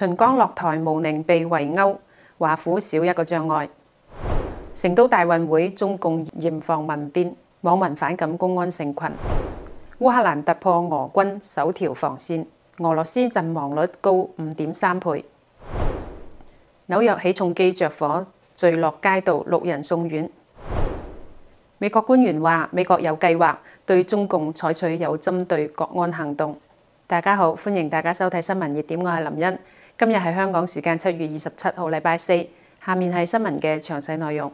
秦剛落台，毛寧被圍毆，華府少一個障礙。成都大運會中共嚴防民變，網民反感公安成群。烏克蘭突破俄軍首條防線，俄羅斯陣亡率高五點三倍。紐約起重機着火墜落街道，六人送院。美國官員話：美國有計劃對中共採取有針對國安行動。大家好，歡迎大家收睇新聞熱點，我係林茵。今日係香港時間七月二十七號，禮拜四。下面係新聞嘅詳細內容。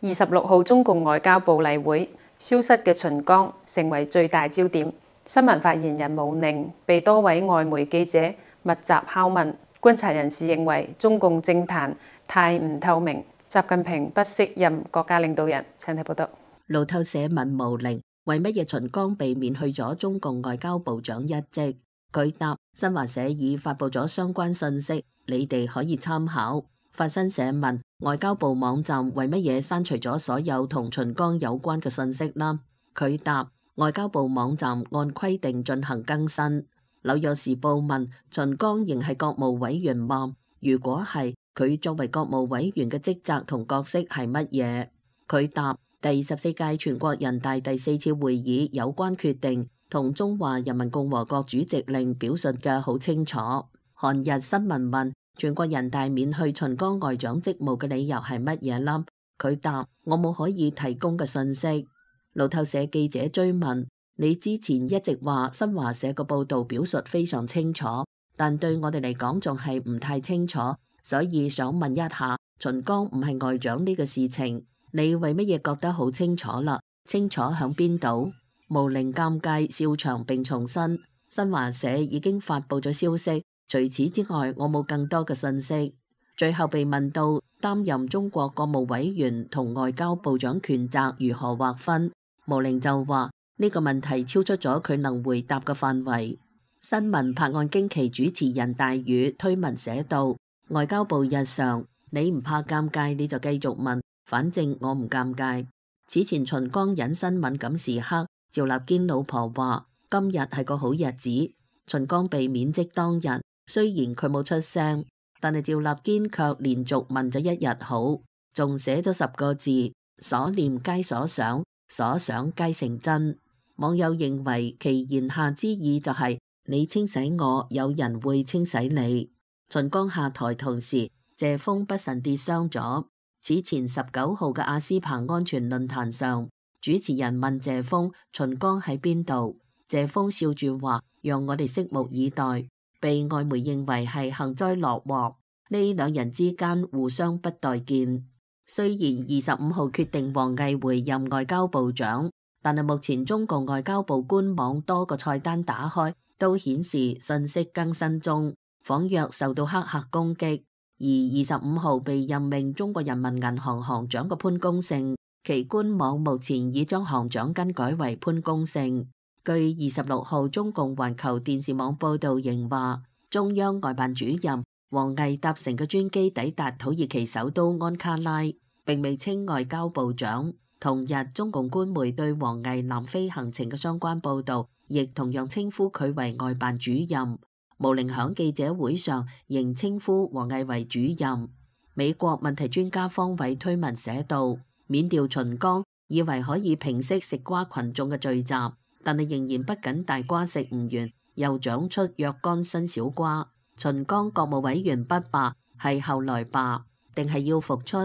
二十六號中共外交部例會，消失嘅秦剛成為最大焦點。新聞發言人毛寧被多位外媒記者密集拷問。觀察人士認為，中共政壇太唔透明，習近平不適任國家領導人。請睇報道。路透社問毛寧：為乜嘢秦剛被免去咗中共外交部長一職？佢答：新華社已發布咗相關信息，你哋可以參考。法新社問外交部網站為乜嘢刪除咗所有同秦剛有關嘅信息呢？佢答：外交部網站按規定進行更新。紐約時報問秦剛仍係國務委員冇？如果係，佢作為國務委員嘅職責同角色係乜嘢？佢答：第十四屆全國人大第四次會議有關決定。同中華人民共和國主席令表述嘅好清楚。韓日新聞問，全國人大免去秦剛外長職務嘅理由係乜嘢啦？佢答：我冇可以提供嘅信息。路透社記者追問，你之前一直話新華社嘅報道表述非常清楚，但對我哋嚟講仲係唔太清楚，所以想問一下秦剛唔係外長呢個事情，你為乜嘢覺得好清楚啦？清楚響邊度？毛寧尷尬笑場並重申，新華社已經發布咗消息。除此之外，我冇更多嘅信息。最後被問到擔任中國國務委員同外交部長權責如何劃分，毛寧就話呢個問題超出咗佢能回答嘅範圍，新聞拍案驚奇主持人大宇推文寫道，外交部日常，你唔怕尷尬你就繼續問，反正我唔尷尬。此前秦剛隱身敏感時刻。趙立堅老婆話：今日係個好日子，秦剛被免職當日，雖然佢冇出聲，但係趙立堅卻連續問咗一日好，仲寫咗十個字：所念皆所想，所想皆成真。網友認為其言下之意就係、是、你清洗我，有人會清洗你。秦剛下台同時，謝峰不慎跌傷咗。此前十九號嘅阿斯彭安全論壇上。主持人問謝峰、秦剛喺邊度？謝峰笑住話，讓我哋拭目以待。被外媒認為係幸災樂禍。呢兩人之間互相不待見。雖然二十五號決定王毅回任外交部長，但係目前中共外交部官網多個菜單打開都顯示信息更新中，仿若受到黑客攻擊。而二十五號被任命中國人民銀行行長嘅潘功勝其官網目前已將行長更改為潘功勝。據二十六號中共環球電視網報道，仍話中央外辦主任王毅搭乘嘅專機抵達土耳其首都安卡拉，並未稱外交部長。同日，中共官媒對王毅南非行程嘅相關報道，亦同樣稱呼佢為外辦主任。毛寧響記者會上仍稱呼王毅為主任。美國問題專家方偉推文寫道。免掉秦剛，以為可以平息食瓜群眾嘅聚集，但係仍然不僅大瓜食唔完，又長出若干新小瓜。秦剛國務委員不罷，係後來罷定係要復出？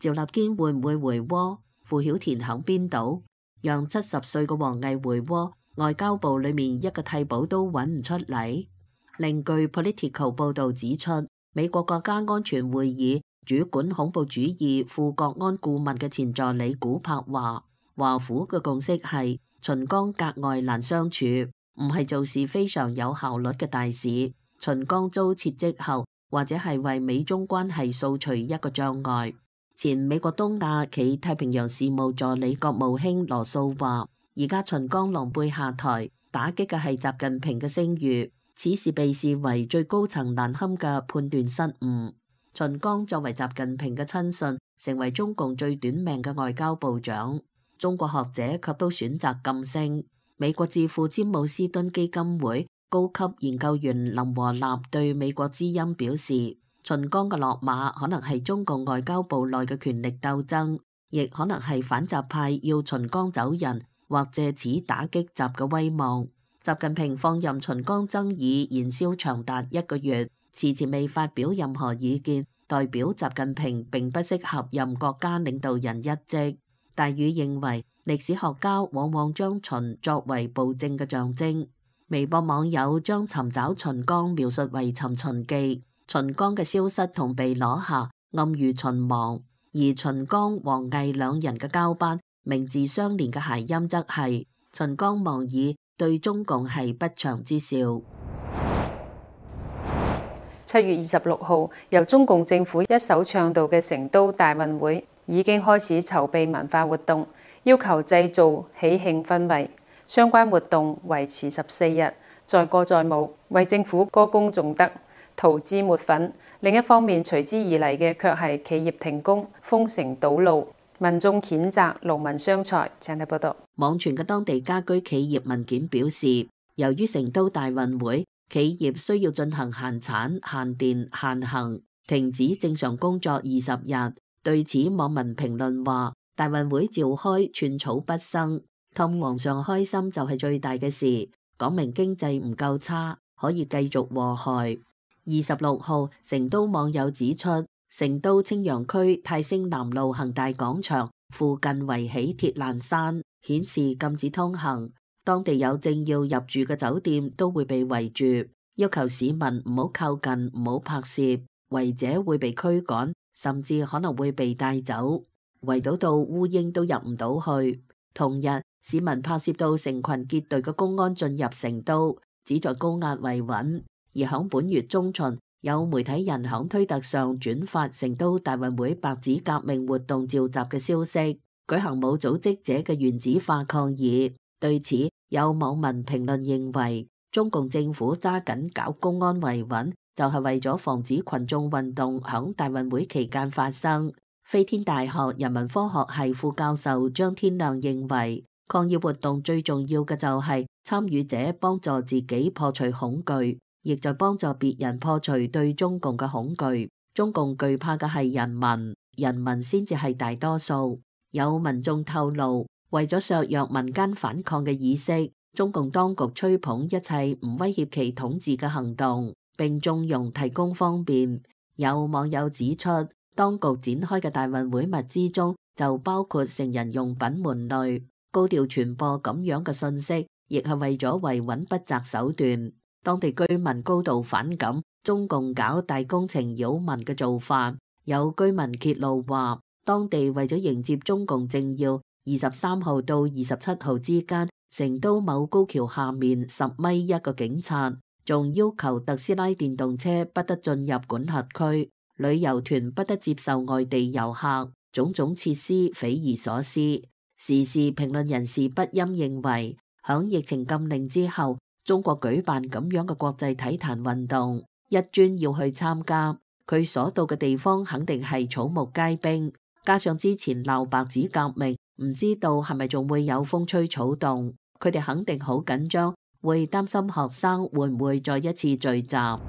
趙立堅會唔會回鍋？傅曉田響邊度？讓七十歲嘅王毅回鍋？外交部裏面一個替補都揾唔出嚟。另據 Political 報道指出，美國國家安全會議。主管恐怖主義副國安顧問嘅前助理古柏話，華府嘅共識係秦剛格外難相處，唔係做事非常有效率嘅大使。秦剛遭撤職後或者係為美中關係掃除一個障礙，前美國東亞暨太平洋事務助理國務卿羅素話，而家秦剛狼狽下台，打擊嘅係習近平嘅聲譽，此事被視為最高層難堪嘅判斷失誤。秦剛作為習近平嘅親信，成為中共最短命嘅外交部長。中國學者卻都選擇噤聲。美國智庫詹姆斯敦基金會高級研究員林和立對美國之音表示，秦剛嘅落馬可能係中共外交部內嘅權力鬥爭，亦可能係反習派要秦剛走人或借此打擊習嘅威望。習近平放任秦剛爭議燃燒長達一個月。遲遲未發表任何意見，代表習近平並不適合任國家領導人一職。大宇認為歷史學家往往將秦作為暴政嘅象徵，微博網友將尋找秦剛描述為尋秦記，秦剛嘅消失同被攞下暗喻秦亡，而秦剛王毅兩人嘅交班，名字相連嘅諧音則係秦剛亡矣對中共係不祥之兆。七月二十六號，由中共政府一手倡導嘅成都大運會已經開始籌備文化活動，要求製造喜慶氛圍。相關活動維持十四日，載歌載舞，為政府歌功頌德、塗脂抹粉。另一方面，隨之而嚟嘅卻係企業停工、封城堵路，民眾譴責勞民傷財。請睇報道，網傳嘅當地家居企業文件表示，由於成都大運會，企業需要進行限產、限電、限行，停止正常工作二十日。對此，網民評論話：大運會召開寸草不生，氹皇上開心就係最大嘅事，講明經濟唔夠差，可以繼續禍害。二十六號，成都網友指出，成都青羊區太升南路恒大廣場附近圍起鐵欄山，顯示禁止通行。當地有政要入住嘅酒店都會被圍住，要求市民唔好靠近、唔好拍攝，違者會被驅趕，甚至可能會被帶走。圍堵到烏蠅都入唔到去。同日，市民拍攝到成群結隊嘅公安進入成都，旨在高壓維穩。而響本月中旬，有媒體人響推特上轉發成都大運會白紙革命活動召集嘅消息，舉行冇組織者嘅原子化抗議。對此，有網民評論認為，中共政府抓緊搞公安維穩，就係、是、為咗防止群眾運動響大運會期間發生。飛天大學人文科學系副教授張天亮認為，抗議活動最重要嘅就係參與者幫助自己破除恐懼，亦在幫助別人破除對中共嘅恐懼。中共懼怕嘅係人民，人民先至係大多數。有民眾透露。為咗削弱民間反抗嘅意識，中共當局吹捧一切唔威脅其統治嘅行動，並縱容提供方便。有網友指出，當局展開嘅大運會物之中就包括成人用品門類，高調傳播咁樣嘅信息，亦係為咗維穩不擇手段。當地居民高度反感中共搞大工程擾民嘅做法，有居民揭露話，當地為咗迎接中共政要。23號到27號之間，成都某高橋下面十米一個警察，仲要求特斯拉電動車不得進入管轄區，旅遊團不得接受外地遊客，種種設施匪夷所思。時事評論人士不陰認為，響疫情禁令之後，中國舉辦咁樣嘅國際體壇運動，一尊要去參加，佢所到嘅地方肯定係草木皆兵，加上之前鬧白紙革命，唔知道係咪仲會有風吹草動，佢哋肯定好緊張，會擔心學生會唔會再一次聚集。二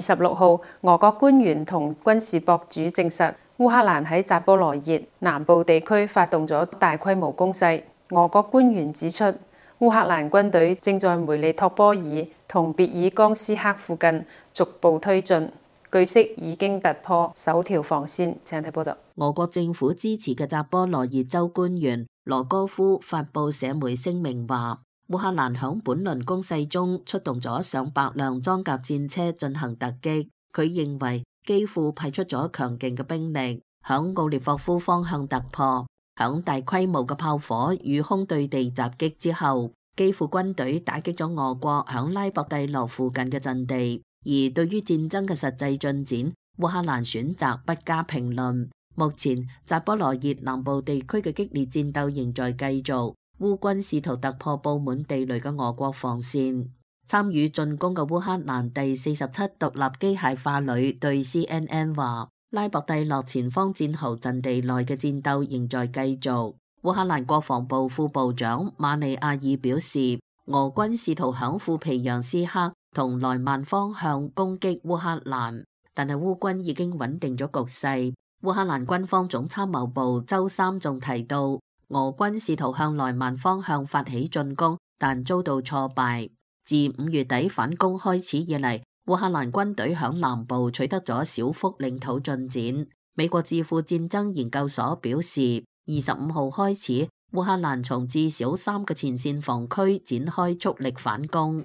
十六號，俄國官員同軍事博主證實，烏克蘭喺扎波羅熱南部地區發動咗大規模攻勢。俄國官員指出，烏克蘭軍隊正在梅里托波爾同別爾江斯克附近逐步推進。據悉已經突破首條防線。請睇報道。俄國政府支持嘅扎波羅熱州官員羅戈夫發佈社媒聲明話：烏克蘭響本輪攻勢中出動咗上百輛裝甲戰車進行突擊。佢認為基輔派出咗強勁嘅兵力響奧列霍夫方向突破。響大規模嘅炮火與空對地襲擊之後，基輔軍隊打擊咗俄國響拉博蒂諾附近嘅陣地。而對於戰爭嘅實際進展，烏克蘭選擇不加評論。目前，扎波羅熱南部地區嘅激烈戰鬥仍在繼續，烏軍試圖突破佈滿地雷嘅俄國防線。參與進攻嘅烏克蘭第四十七獨立機械化旅對 CNN 話：拉博蒂洛前方戰壕陣地內嘅戰鬥仍在繼續。烏克蘭國防部副部長馬尼亞爾表示，俄軍試圖向庫皮揚斯克，同萊曼方向攻擊烏克蘭，但係烏軍已經穩定咗局勢。烏克蘭軍方總參謀部周三仲提到，俄軍試圖向萊曼方向發起進攻，但遭到挫敗。自五月底反攻開始以嚟，烏克蘭軍隊響南部取得咗小幅領土進展。美國智庫戰爭研究所表示，二十五號開始，烏克蘭從至少三個前線防區展開速力反攻。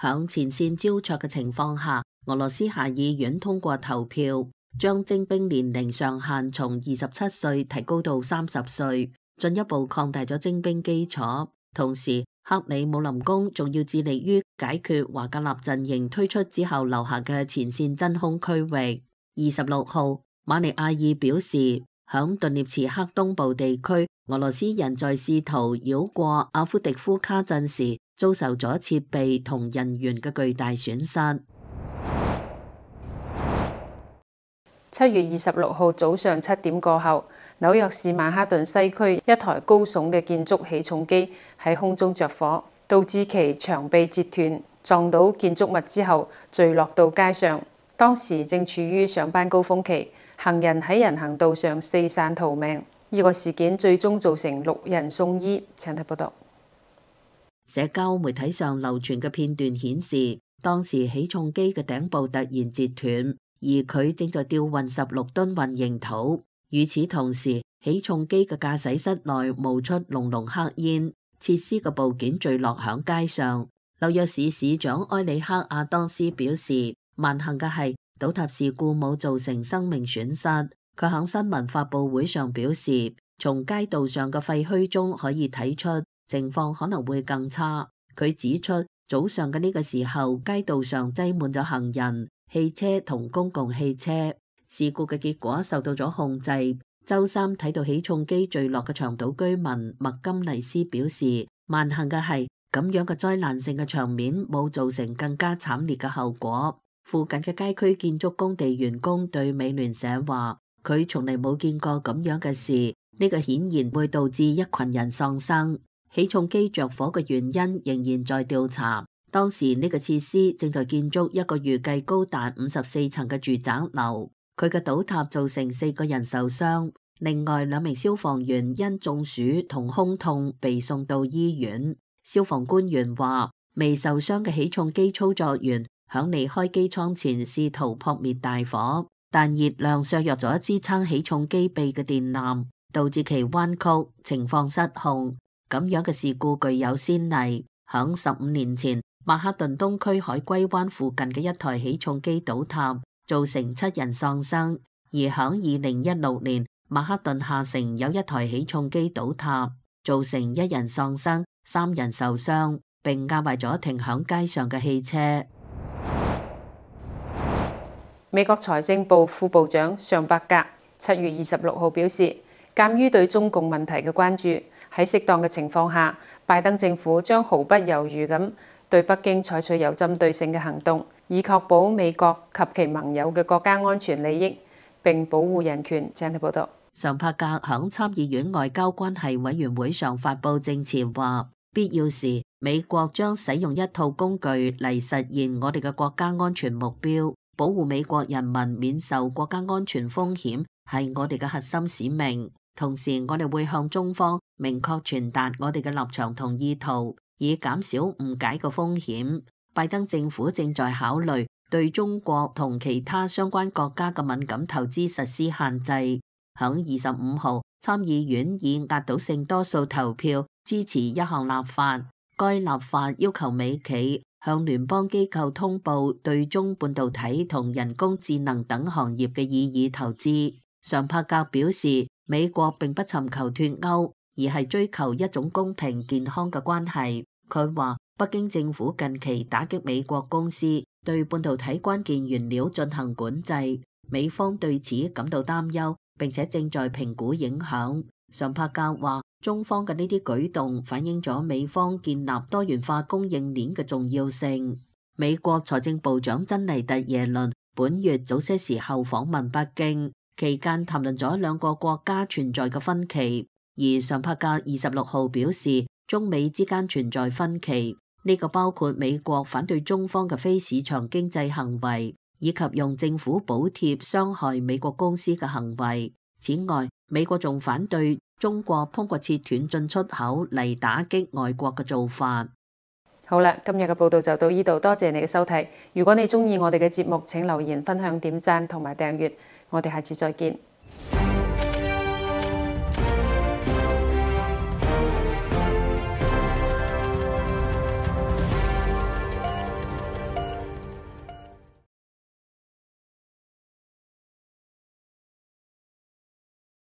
響前線焦灼嘅情況下，俄羅斯下議院通過投票，將徵兵年齡上限從二十七歲提高到三十歲，進一步擴大咗徵兵基礎。同時，克里姆林宮仲要致力於解決華格納陣營推出之後留下嘅前線真空區域。二十六號，馬尼阿爾表示，響頓涅茨克東部地區，俄羅斯人在試圖繞過阿夫迪夫卡鎮時。遭受咗設備同人員嘅巨大損失。七月二十六號早上七點過後，紐約市曼哈頓西區一台高聳嘅建築起重機喺空中着火，導致其長臂折斷，撞到建築物之後墜落到街上。當時正處於上班高峰期，行人喺人行道上四散逃命。呢個事件最終造成六人送醫。請睇報道。社交媒體上流傳嘅片段顯示，當時起重機嘅頂部突然截斷，而佢正在吊運十六噸混凝土。與此同時，起重機嘅駕駛室內冒出濃濃黑煙，設施嘅部件墜落響街上。紐約市市長埃里克亞當斯表示，萬幸嘅係倒塌事故冇造成生命損失。佢響新聞發布會上表示，從街道上嘅廢墟中可以睇出。情況可能會更差。佢指出，早上嘅呢個時候，街道上擠滿咗行人、汽車同公共汽車。事故嘅結果受到咗控制。周三睇到起重機墜落嘅長島居民麥金尼斯表示，萬幸嘅係咁樣嘅災難性嘅場面冇造成更加慘烈嘅後果。附近嘅街區建築工地員工對美聯社話，佢從嚟冇見過咁樣嘅事，呢個顯然會導致一群人喪生。起重機着火嘅原因仍然在調查。當時呢個設施正在建築一個預計高達五十四層嘅住宅樓，佢嘅倒塌造成四個人受傷，另外兩名消防員因中暑同胸痛被送到醫院。消防官員話，未受傷嘅起重機操作員喺離開機艙前試圖撲滅大火，但熱量削弱咗支撐起重機臂嘅電纜，導致其彎曲，情況失控。咁樣嘅事故具有先例，響十五年前，馬克頓東區海龜灣附近嘅一台起重機倒塌，造成七人喪生；而響二零一六年，馬克頓下城有一台起重機倒塌，造成一人喪生、三人受傷，並壓壞咗停響街上嘅汽車。美國財政部副部長尚伯格七月二十六號表示，鑒於對中共問題嘅關注。喺適當嘅情況下，拜登政府將毫不猶豫咁對北京採取有針對性嘅行動，以確保美國及其盟友嘅國家安全利益，並保護人權。鄭毅報道，常帕格喺參議院外交關係委員會上發佈證詞話：必要時，美國將使用一套工具嚟實現我哋嘅國家安全目標，保護美國人民免受國家安全風險，係我哋嘅核心使命。同時，我哋會向中方。明確傳達我哋嘅立場同意圖，以減少誤解嘅風險。拜登政府正在考慮對中國同其他相關國家嘅敏感投資實施限制。響二十五號，參議院以壓倒性多數投票支持一項立法，該立法要求美企向聯邦機構通報對中半導體同人工智能等行業嘅有意投資。常柏格表示，美國並不尋求脫歐。而係追求一種公平、健康嘅關係。佢話北京政府近期打擊美國公司對半導體關鍵原料進行管制，美方對此感到擔憂，並且正在評估影響。常柏教話，中方嘅呢啲舉動反映咗美方建立多元化供應鏈嘅重要性。美國財政部長珍妮特耶倫本月早些時候訪問北京，期間談論咗兩個國家存在嘅分歧。.而上帕格二十六號表示，中美之間存在分歧，呢個包括美國反對中方嘅非市場經濟行為，以及用政府補貼傷害美國公司嘅行為。此外，美國仲反對中國通過切斷進出口嚟打擊外國嘅做法。好啦，今日嘅報道就到呢度，多謝你嘅收睇。如果你鍾意我哋嘅節目，請留言分享、點讚同埋訂閱。我哋下次再見。